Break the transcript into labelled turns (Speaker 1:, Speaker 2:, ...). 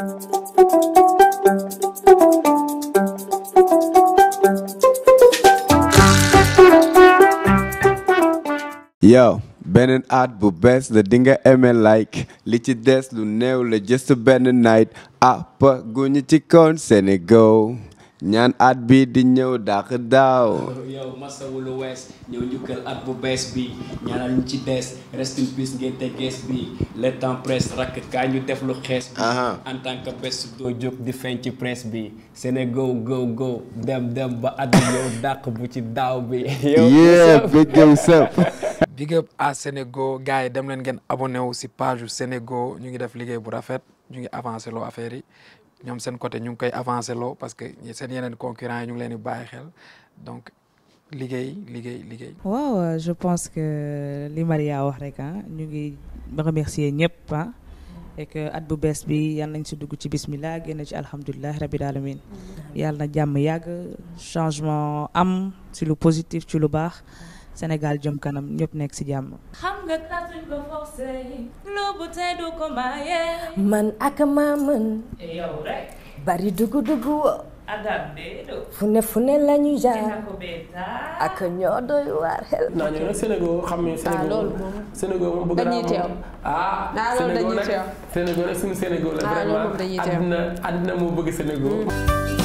Speaker 1: yow
Speaker 2: beneen aat bu bees la dinga nga layk li ci des lu néew la just benn night àpp guñu ci koon Senego ñaan aat bi di ñëw dàq daaw. yow masawu wees ñëw njukkal at bu bees bi ñaanal ñu ci des rest in ngeen te gees bi le temps presse rakk kaa ñu def lu xees. bi en tant que bés doo jóg di feeñ ci presse bi Sénégal go go dem dem ba at bi yow dàq bu ci daaw bi. yow yow sëb big à Sénégal gars yi dem leen ngeen abonné wu si page yu Sénégal ñu ngi def liggéey bu rafet ñu ngi avancé loo affaire yi. ñoom seen côté ñu ngi koy avancé loo parce que seen yeneen concurrents ñu ngi leen di bàyyi xel donc liggéey liggéey liggéey.
Speaker 1: waaw euh, je pense que li Maria wax rek ah ñu ngi remercier ñëpp ah. et at bu bees bi yal nañ si dugg ci bismillah génn ci alhamdulilah rabil alamin yàlla na jàmm yàgg changement am ci lu positif ci lu baax. Sénégal jëm kanam ñëpp nekk ci jàmm. xam nga tasuñ ko forcé lu bu tey maa mën.
Speaker 2: bari dugu dugu woo. fu ne fu ne la ñuy jaar ak ñoo doy waar xel. naa ñu Sénégal xam ne Sénégal ah, Sénégal moom bëgg naa moom ah, ah Sénégal suñu Sénégal la ah, vraiment àddina àddina moo